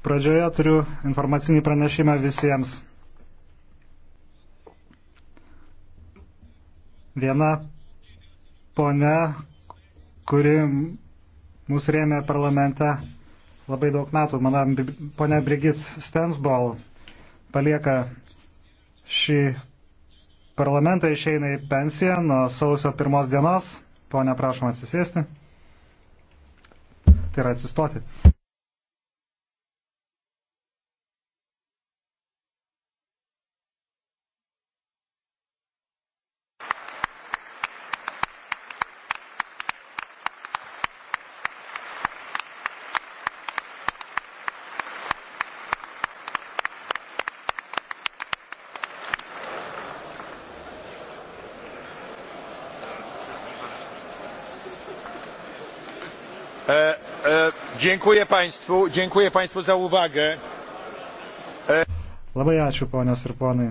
Pradžioje turiu informacinį pranešimą visiems. Viena ponia, kuri mus rėmė parlamente labai daug metų, mano ponia Brigit Stensbol, palieka šį parlamentą, išeina į pensiją nuo sausio pirmos dienos. Pone, prašom atsisėsti. Tai yra atsistoti. E, e, dziękuję Państwu, dziękuję Państwu za uwagę. E... Labai ačiū, ponios ir ponai.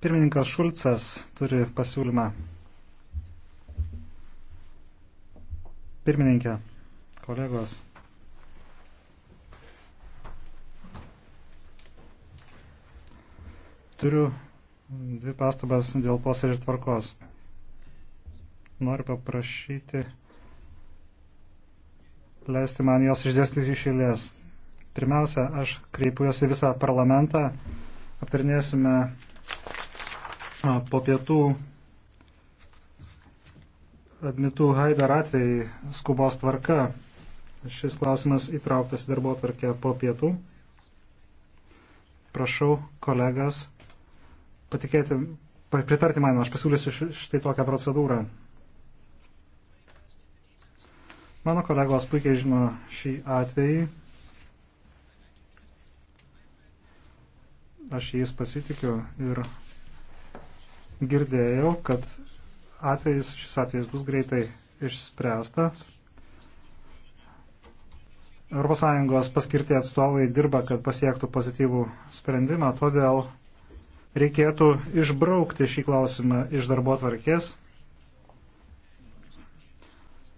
Pirmininkas Šulcas turi pasiūlymą. Pirmininkė, kolegos. Turiu dvi pastabas dėl posėdžio tvarkos. Noriu paprašyti leisti man jos išdėstyti iš eilės. Pirmiausia, aš kreipiuosi visą parlamentą, aptarnėsime po pietų admitų Haider atvejai skubos tvarka. Šis klausimas įtrauktas į darbo tvarkę po pietų. Prašau kolegas patikėti, pritarti man, aš pasiūlysiu štai tokią procedūrą. Mano kolegos puikiai žino šį atvejį. Aš jais pasitikiu ir girdėjau, kad atvejis, šis atvejis bus greitai išspręstas. ES paskirti atstovai dirba, kad pasiektų pozityvų sprendimą, todėl reikėtų išbraukti šį klausimą iš darbo tvarkės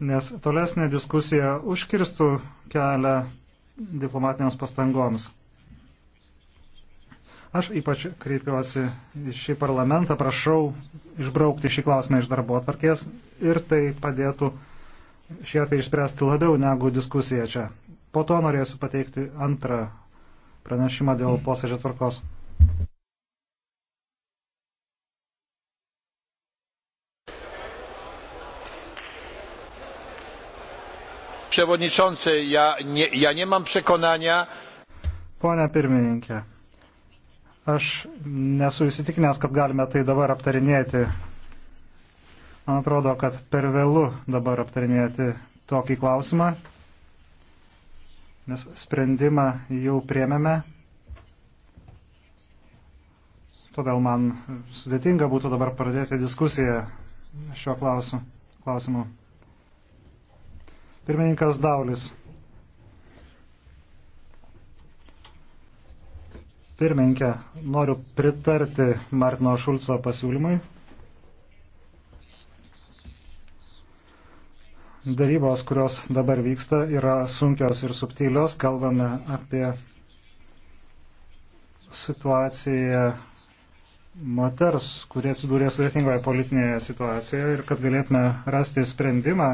nes tolesnė diskusija užkirstų kelią diplomatiniams pastangoms. Aš ypač kreipiuosi į šį parlamentą, prašau išbraukti šį klausimą iš darbo atvarkės ir tai padėtų šį atvejį išspręsti labiau negu diskusija čia. Po to norėsiu pateikti antrą pranešimą dėl posėdžio tvarkos. przewodniczący, ja nie, ja nie mam przekonania. Pone pirmininkė, aš nesu įsitikinęs, kad galime tai dabar aptarinėti. Man atrodo, kad per vėlų dabar aptarinėti tokį klausimą, nes sprendimą jau priemėme. Todėl man sudėtinga būtų dabar pradėti diskusiją šiuo klausimu. klausimu. Pirmininkas Daulis. Pirmininkė, noriu pritarti Martino Šulco pasiūlymui. Darybos, kurios dabar vyksta, yra sunkios ir subtilios. Kalbame apie situaciją moters, kurie atsidūrė sudėtingoje politinėje situacijoje ir kad galėtume rasti sprendimą,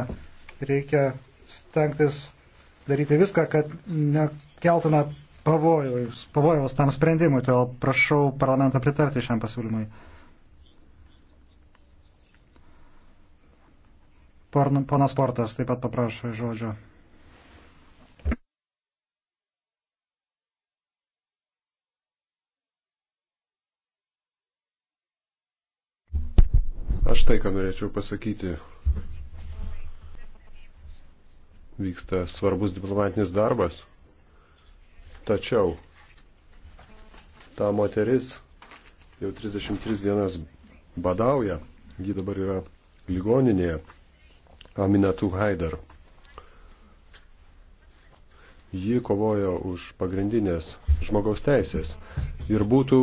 reikia stengtis daryti viską, kad nekeltume pavojus, pavojus tam sprendimui, todėl prašau parlamentą pritarti šiam pasiūlymui. Ponas Portas taip pat paprašo žodžio. Aš tai, ką norėčiau pasakyti vyksta svarbus diplomatinis darbas. Tačiau ta moteris jau 33 dienas badauja, ji dabar yra ligoninėje Aminatų Haidar. Ji kovojo už pagrindinės žmogaus teisės ir būtų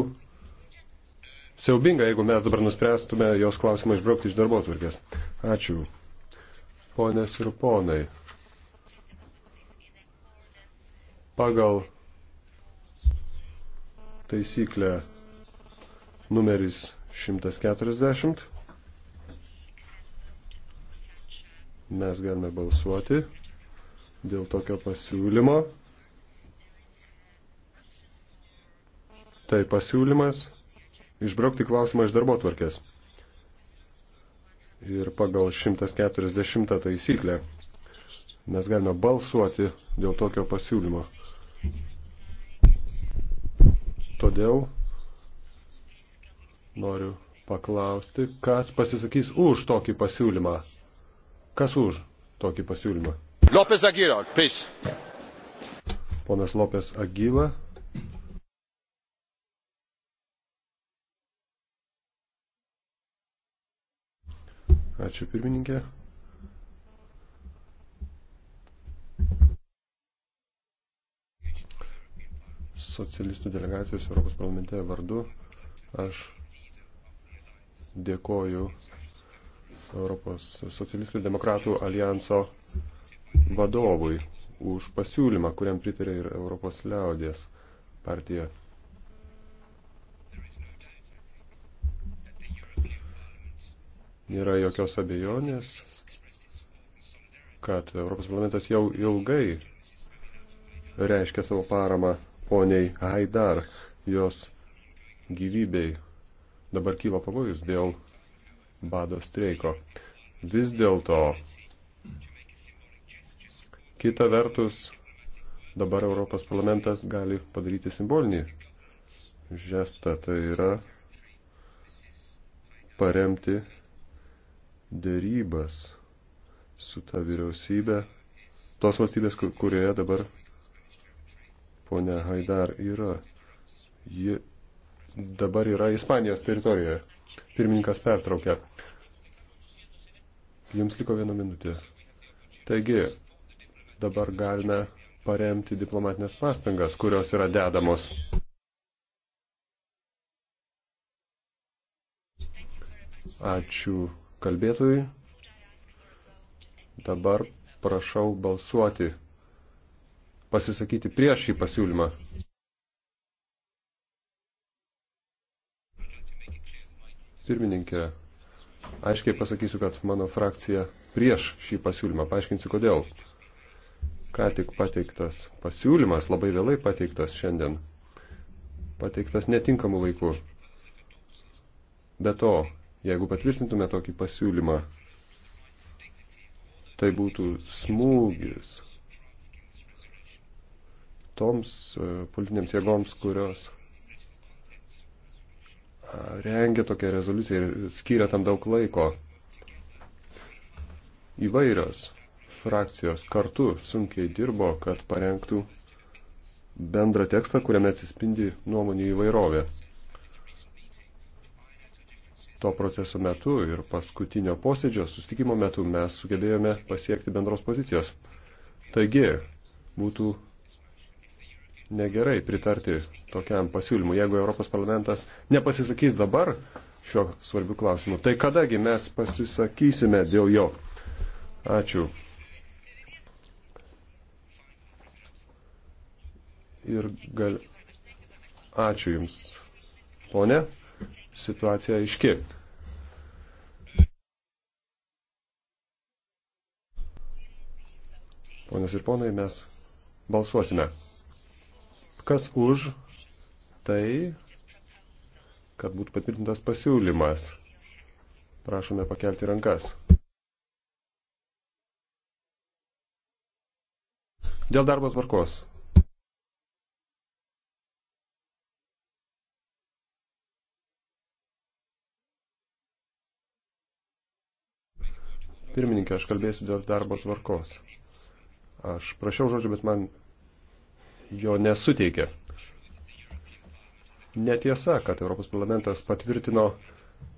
siaubinga, jeigu mes dabar nuspręstume jos klausimą išbraukti iš darbo tvarkės. Ačiū. Ponės ir ponai. pagal taisyklę numeris 140 mes galime balsuoti dėl tokio pasiūlymo. Tai pasiūlymas išbraukti klausimą iš darbo tvarkės. Ir pagal 140 taisyklę mes galime balsuoti dėl tokio pasiūlymo. Todėl noriu paklausti, kas pasisakys už tokį pasiūlymą. Kas už tokį pasiūlymą? Lopes Agila, please. Ponas Lopes Agila. Ačiū pirmininkė. socialistų delegacijos Europos parlamente vardu aš dėkoju Europos socialistų demokratų alijanso vadovui už pasiūlymą, kuriam pritarė ir Europos liaudės partija. Nėra jokios abejonės, kad Europos parlamentas jau ilgai reiškia savo paramą poniai Haidar, jos gyvybei dabar kyla pavojus dėl bado streiko. Vis dėlto, kita vertus, dabar Europos parlamentas gali padaryti simbolinį žestą, tai yra paremti dėrybas su ta vyriausybė, tos valstybės, kurioje dabar ponia Haidar yra. Ji dabar yra Ispanijos teritorijoje. Pirmininkas pertraukė. Jums liko viena minutė. Taigi, dabar galime paremti diplomatinės pastangas, kurios yra dedamos. Ačiū kalbėtojui. Dabar prašau balsuoti pasisakyti prieš šį pasiūlymą. Pirmininkė, aiškiai pasakysiu, kad mano frakcija prieš šį pasiūlymą. Paaiškinsiu, kodėl. Ką tik pateiktas pasiūlymas, labai vėlai pateiktas šiandien, pateiktas netinkamų laikų. Be to, jeigu patvirtintume tokį pasiūlymą, tai būtų smūgis toms e, politinėms jėgoms, kurios rengia tokią rezoliuciją ir skiria tam daug laiko. Įvairios frakcijos kartu sunkiai dirbo, kad parengtų bendrą tekstą, kuriame atsispindi nuomonių įvairovė. To proceso metu ir paskutinio posėdžio sustikimo metu mes sugebėjome pasiekti bendros pozicijos. Taigi, būtų negerai pritarti tokiam pasiūlymui. Jeigu Europos parlamentas nepasisakys dabar šio svarbių klausimų, tai kadagi mes pasisakysime dėl jo. Ačiū. Ir gal... Ačiū Jums, ponė. Situacija aiški. Ponios ir ponai, mes balsuosime. Kas už tai, kad būtų patvirtintas pasiūlymas? Prašome pakelti rankas. Dėl darbo tvarkos. Pirmininkė, aš kalbėsiu dėl darbo tvarkos. Aš prašiau žodžiu, bet man jo nesuteikia. Netiesa, kad Europos parlamentas patvirtino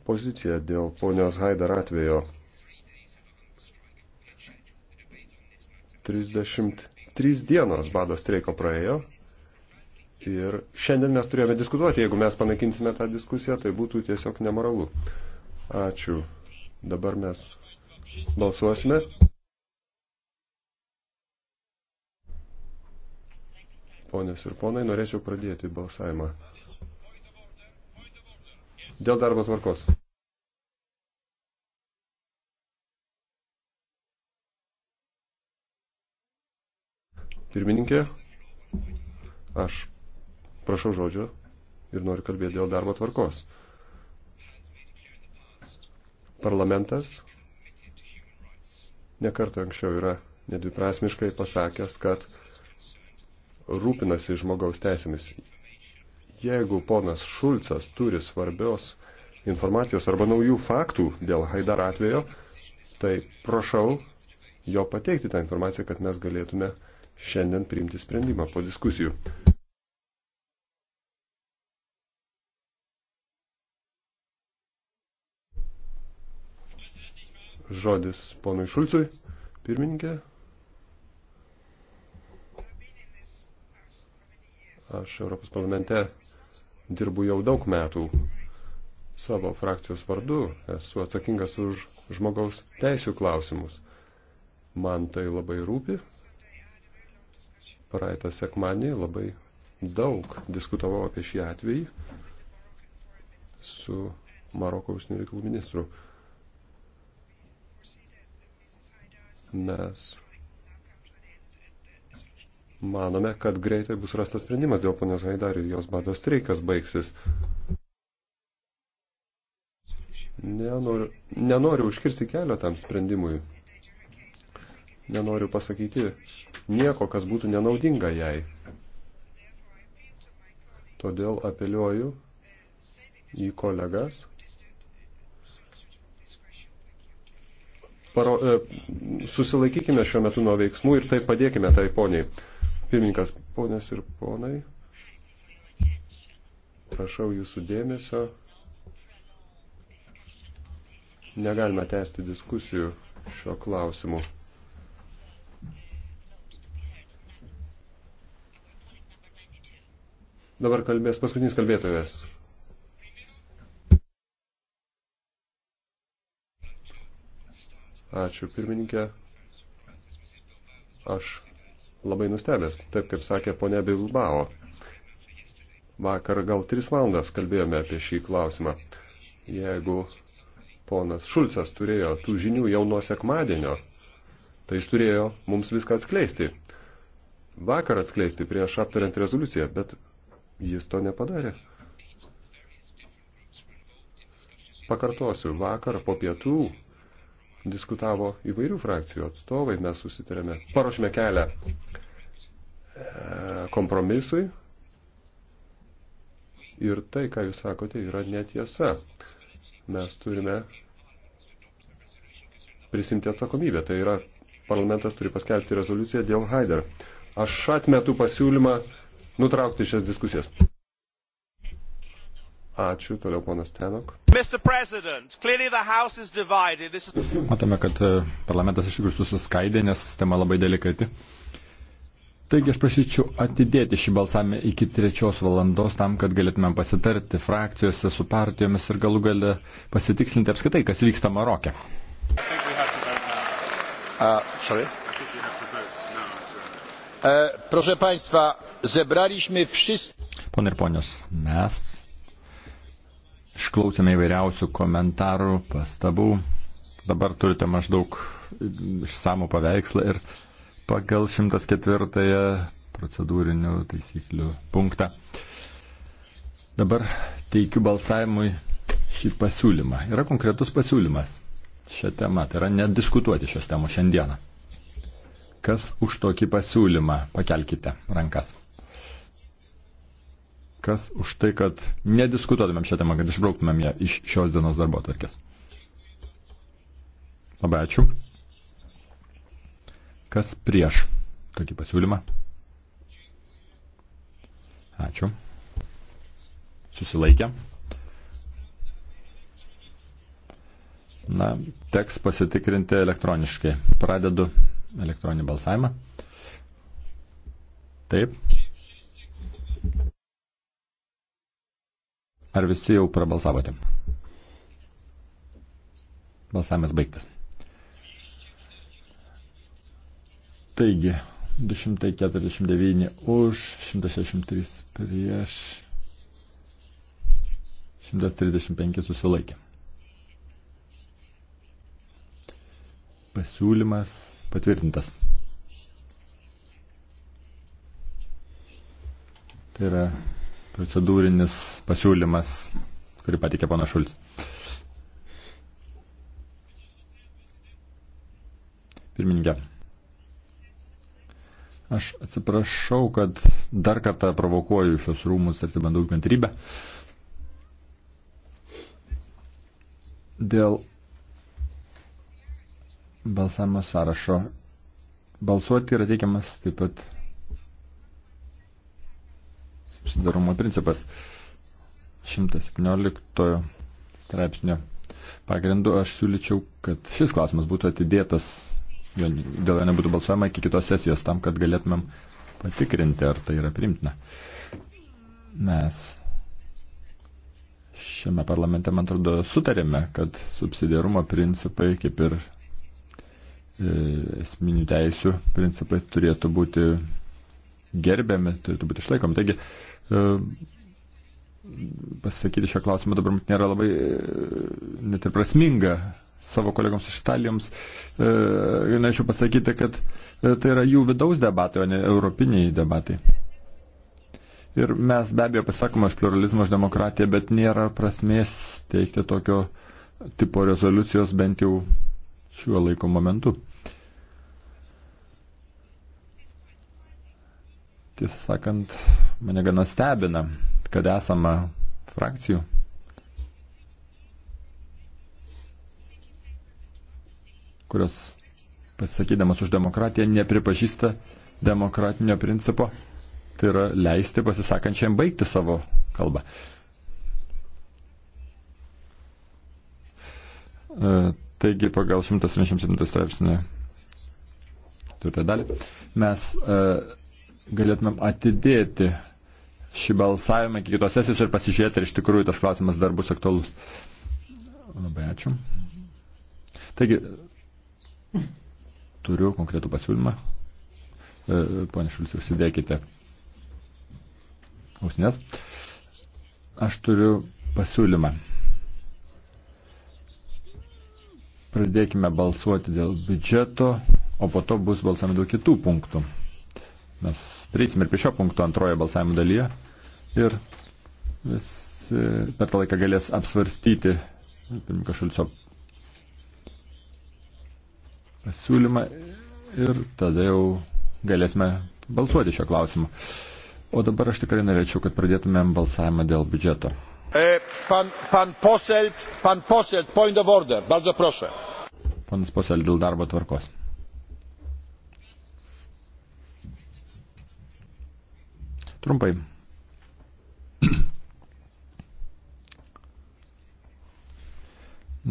poziciją dėl ponios Haidar atvejo. 33 dienos bado streiko praėjo ir šiandien mes turėjome diskutuoti. Jeigu mes panaikinsime tą diskusiją, tai būtų tiesiog nemoralu. Ačiū. Dabar mes balsuosime. Ponės ir ponai, norėčiau pradėti balsavimą. Dėl darbo tvarkos. Pirmininkė, aš prašau žodžio ir noriu kalbėti dėl darbo tvarkos. Parlamentas nekartą anksčiau yra nedviprasmiškai pasakęs, kad rūpinasi žmogaus teisėmis. Jeigu ponas Šulcas turi svarbios informacijos arba naujų faktų dėl Haidar atvejo, tai prašau jo pateikti tą informaciją, kad mes galėtume šiandien priimti sprendimą po diskusijų. Žodis ponui Šulcui, pirmininkė. Aš Europos parlamente dirbu jau daug metų. Savo frakcijos vardu esu atsakingas už žmogaus teisų klausimus. Man tai labai rūpi. Praeitą sekmanį labai daug diskutavau apie šį atvejį su Maroko užsienio reikalų ministru. Mes manome, kad greitai bus rastas sprendimas dėl ponios Haidar ir jos bado streikas baigsis. Nenoriu, nenoriu užkirsti kelio tam sprendimui. Nenoriu pasakyti nieko, kas būtų nenaudinga jai. Todėl apeliuoju į kolegas. Paro, e, susilaikykime šiuo metu nuo veiksmų ir tai padėkime tai poniai. Pirmininkas, ponės ir ponai, prašau jūsų dėmesio. Negalime tęsti diskusijų šio klausimu. Dabar kalbės paskutinis kalbėtojas. Ačiū pirmininkė. Aš labai nustebęs, taip kaip sakė ponia Bilbao. Vakar gal tris valandas kalbėjome apie šį klausimą. Jeigu ponas Šulcas turėjo tų žinių jau nuo sekmadienio, tai jis turėjo mums viską atskleisti. Vakar atskleisti prieš aptariant rezoliuciją, bet jis to nepadarė. Pakartosiu, vakar po pietų diskutavo įvairių frakcijų atstovai, mes susitarėme, paruošėme kelią e, kompromisui ir tai, ką jūs sakote, yra netiesa. Mes turime prisimti atsakomybę, tai yra parlamentas turi paskelbti rezoliuciją dėl Haider. Aš atmetu pasiūlymą nutraukti šias diskusijas. Ačiū, toliau ponas Tenok. Is... Matome, kad e, parlamentas iš tikrųjų susiskaidė, nes tema labai delikati. Taigi aš prašyčiau atidėti šį balsavimą iki trečios valandos tam, kad galėtumėm pasitarti frakcijose su partijomis ir galų gale pasitikslinti apskaitai, kas vyksta Marokė. Uh, uh, proszę Państwa, zebraliśmy wszyscy. Pone ir ponios, mes Išklausėme įvairiausių komentarų, pastabų. Dabar turite maždaug išsamų paveikslą ir pagal 104 procedūrinių taisyklių punktą. Dabar teikiu balsavimui šį pasiūlymą. Yra konkretus pasiūlymas šią temą, tai yra nediskutuoti šios temos šiandieną. Kas už tokį pasiūlymą? Pakelkite rankas kas už tai, kad nediskutuotumėm šią temą, kad išbrauktumėm ją iš šios dienos darbo atvarkės. Labai ačiū. Kas prieš tokį pasiūlymą? Ačiū. Susilaikė. Na, teks pasitikrinti elektroniškai. Pradedu elektroninį balsavimą. Taip. Ar visi jau prabalsavote? Balsavimas baigtas. Taigi, 249 už, 163 prieš, 135 susilaikė. Pasiūlymas patvirtintas. Tai yra procedūrinis pasiūlymas, kurį patikė pana Šulc. Pirmininkė. Aš atsiprašau, kad dar kartą provokuoju šios rūmus, atsibandau kantrybę. Dėl balsavimo sąrašo. Balsuoti yra teikiamas taip pat subsidarumo principas. 117 straipsnio pagrindu aš siūlyčiau, kad šis klausimas būtų atidėtas, dėl jo nebūtų balsuojama iki kitos sesijos tam, kad galėtumėm patikrinti, ar tai yra primtina. Mes šiame parlamente, man atrodo, sutarėme, kad subsidiarumo principai, kaip ir e, esminių teisių principai, turėtų būti gerbiami, turėtų būti išlaikomi. Taigi, E, pasakyti šią klausimą dabar nėra labai e, net ir prasminga savo kolegoms iš Italijoms. E, norėčiau pasakyti, kad tai yra jų vidaus debatai, o ne europiniai debatai. Ir mes be abejo pasakome už pluralizmą, už demokratiją, bet nėra prasmės teikti tokio tipo rezoliucijos bent jau šiuo laiko momentu. tiesą sakant, mane gana stebina, kad esama frakcijų. kurios pasisakydamas už demokratiją nepripažįsta demokratinio principo, tai yra leisti pasisakančiam baigti savo kalbą. E, taigi pagal 177 straipsnį turite dalį mes uh, galėtumėm atidėti šį balsavimą iki kitos sesijos ir pasižiūrėti, ar iš tikrųjų tas klausimas dar bus aktualus. Labai ačiū. Taigi, turiu konkretų pasiūlymą. E, Pane Šulis, užsidėkite ausinės. Aš turiu pasiūlymą. Pradėkime balsuoti dėl biudžeto, o po to bus balsami dėl kitų punktų. Mes prieisime ir prie šio punkto antrojo balsavimo dalyje ir visi per tą laiką galės apsvarstyti pirmininko Šulco pasiūlymą ir tada jau galėsime balsuoti šio klausimu. O dabar aš tikrai norėčiau, kad pradėtumėm balsavimą dėl biudžeto. E, pan, pan Poselt, pan Poselt, point of order, bardzo proszę. Panas Poselt, dėl darbo tvarkos. Trumpai.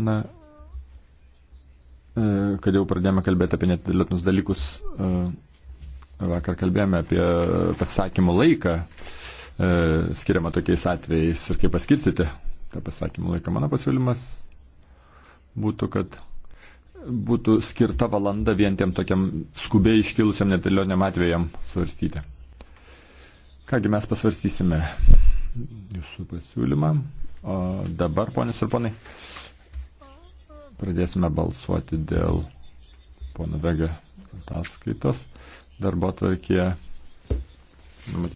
Na, e, kad jau pradėjome kalbėti apie netidėliotinus dalykus, e, vakar kalbėjome apie pasakymų laiką e, skiriamą tokiais atvejais ir kaip paskirstyti tą pasakymų laiką. Mano pasiūlymas būtų, kad būtų skirta valanda vien tiem tokiam skubiai iškilusiam netidėlioniam atvejam svarstyti. Kągi mes pasvarstysime jūsų pasiūlymą. O dabar, ponės ir ponai, pradėsime balsuoti dėl pono Vega ataskaitos. Darbo tvarkė.